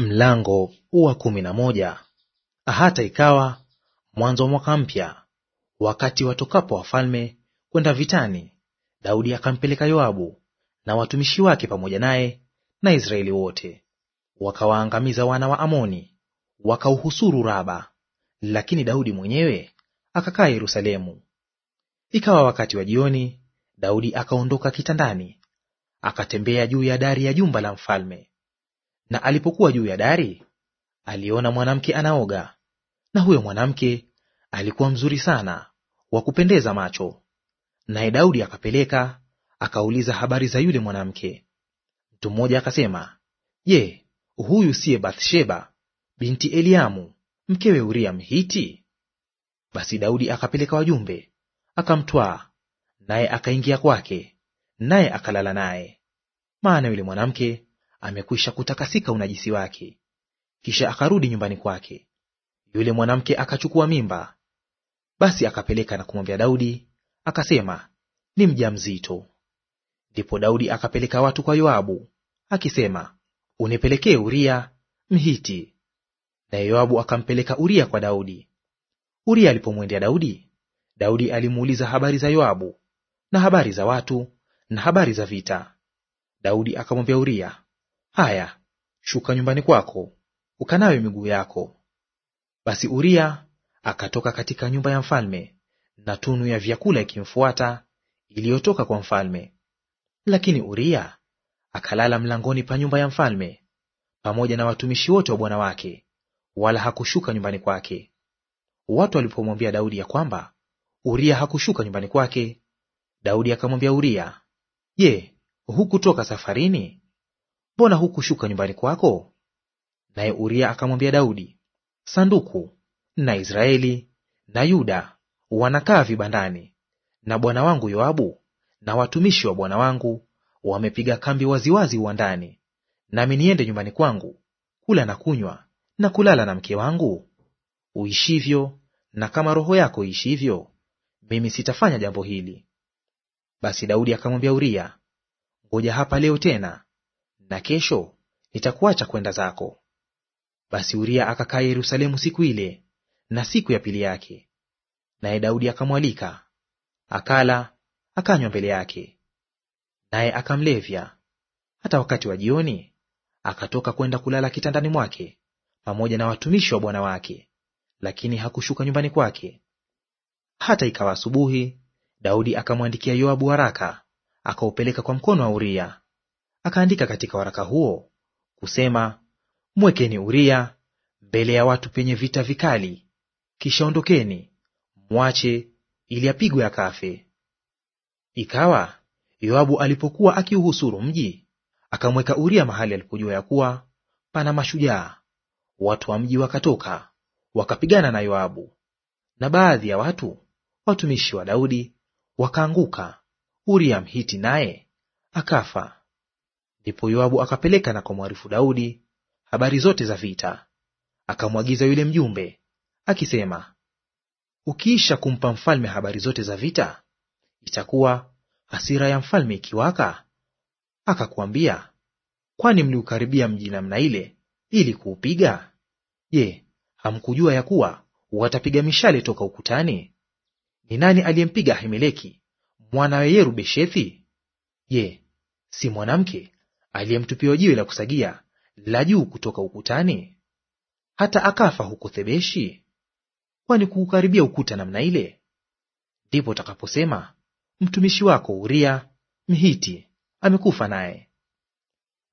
Mlango wa kumi na moja. Hata ikawa mwanzo wa mwaka mpya, wakati watokapo wafalme kwenda vitani, Daudi akampeleka Yoabu na watumishi wake pamoja naye na Israeli wote, wakawaangamiza wana wa Amoni, wakauhusuru Raba, lakini Daudi mwenyewe akakaa Yerusalemu. Ikawa wakati wa jioni, Daudi akaondoka kitandani, akatembea juu ya dari ya jumba la mfalme na alipokuwa juu ya dari, aliona mwanamke anaoga, na huyo mwanamke alikuwa mzuri sana, wa kupendeza macho. Naye Daudi akapeleka akauliza habari za yule mwanamke. Mtu mmoja akasema, Je, huyu siye Bathsheba binti Eliamu mkewe Uria Mhiti? Basi Daudi akapeleka wajumbe, akamtwaa naye akaingia kwake, naye akalala naye, maana yule mwanamke amekwisha kutakasika unajisi wake. Kisha akarudi nyumbani kwake. Yule mwanamke akachukua mimba. Basi akapeleka na kumwambia Daudi, akasema, ni mja mzito Ndipo Daudi akapeleka watu kwa Yoabu akisema, unipelekee Uria Mhiti. Naye Yoabu akampeleka Uria kwa Daudi. Uria alipomwendea Daudi, Daudi alimuuliza habari za Yoabu na habari za watu na habari za vita. Daudi akamwambia Uria, Haya, shuka nyumbani kwako, ukanawe miguu yako. Basi Uria akatoka katika nyumba ya mfalme na tunu ya vyakula ikimfuata iliyotoka kwa mfalme. Lakini Uria akalala mlangoni pa nyumba ya mfalme pamoja na watumishi wote wa bwana wake, wala hakushuka nyumbani kwake. Watu walipomwambia Daudi ya kwamba Uria hakushuka nyumbani kwake, Daudi akamwambia Uria, Je, hukutoka safarini? mbona hukushuka nyumbani kwako? Naye Uria akamwambia Daudi, sanduku na Israeli na Yuda wanakaa vibandani, na bwana wangu Yoabu na watumishi wa bwana wangu wamepiga kambi waziwazi uwandani, nami niende nyumbani kwangu kula na kunywa na kulala na mke wangu? Uishivyo na kama roho yako iishivyo, mimi sitafanya jambo hili. Basi Daudi akamwambia Uria, ngoja hapa leo tena na kesho nitakuacha kwenda zako. Basi Uria akakaa Yerusalemu siku ile na siku ya pili yake, naye Daudi akamwalika, akala akanywa mbele yake, naye akamlevya. Hata wakati wa jioni akatoka kwenda kulala kitandani mwake pamoja na watumishi wa bwana wake, lakini hakushuka nyumbani kwake. Hata ikawa asubuhi, Daudi akamwandikia Yoabu waraka akaupeleka kwa mkono wa Uria akaandika katika waraka huo kusema, mwekeni Uria mbele ya watu penye vita vikali, kisha ondokeni, mwache ili apigwe akafe. Ikawa Yoabu alipokuwa akiuhusuru mji, akamweka Uria mahali alipojua ya kuwa pana mashujaa. Watu wa mji wakatoka wakapigana na Yoabu, na baadhi ya watu watumishi wa Daudi wakaanguka, Uria Mhiti naye akafa. Ndipo Yoabu akapeleka na kumwarifu Daudi habari zote za vita. Akamwagiza yule mjumbe akisema, ukiisha kumpa mfalme habari zote za vita, itakuwa hasira ya mfalme ikiwaka, akakuambia, kwani mliukaribia mji namna ile ili kuupiga? Je, hamkujua ya kuwa watapiga mishale toka ukutani? Ni nani aliyempiga Ahimeleki mwanawe Yerubeshethi? Je, si mwanamke aliyemtupia jiwe la kusagia la juu kutoka ukutani, hata akafa huko Thebeshi? Kwani kuukaribia ukuta namna ile? Ndipo utakaposema mtumishi wako Uria Mhiti amekufa naye.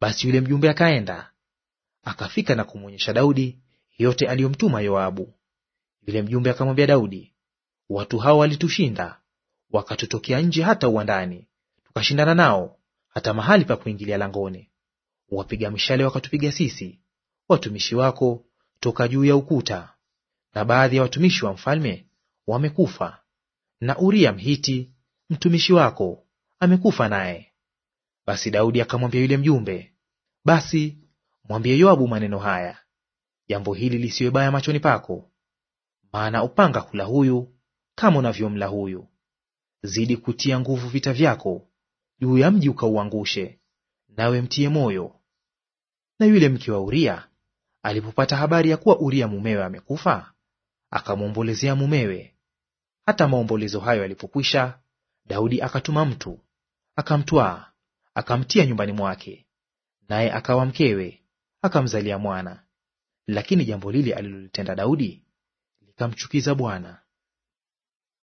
Basi yule mjumbe akaenda akafika na kumwonyesha Daudi yote aliyomtuma Yoabu. Yule mjumbe akamwambia Daudi, watu hao walitushinda, wakatutokea nje hata uwandani, tukashindana nao hata mahali pa kuingilia langoni. Wapiga mishale wakatupiga sisi watumishi wako toka juu ya ukuta, na baadhi ya watumishi wa mfalme wamekufa, na Uria Mhiti mtumishi wako amekufa naye. Basi Daudi akamwambia yule mjumbe, basi mwambie Yoabu maneno haya, jambo hili lisiwe baya machoni pako, maana upanga kula huyu kama unavyomla huyu. Zidi kutia nguvu vita vyako, juu ya mji ukauangushe, nawe mtie moyo. Na yule mke wa Uria alipopata habari ya kuwa Uria mumewe amekufa, akamwombolezea mumewe. Hata maombolezo hayo yalipokwisha, Daudi akatuma mtu akamtwaa, akamtia nyumbani mwake, naye akawa mkewe, akamzalia mwana. Lakini jambo lile alilolitenda Daudi likamchukiza Bwana.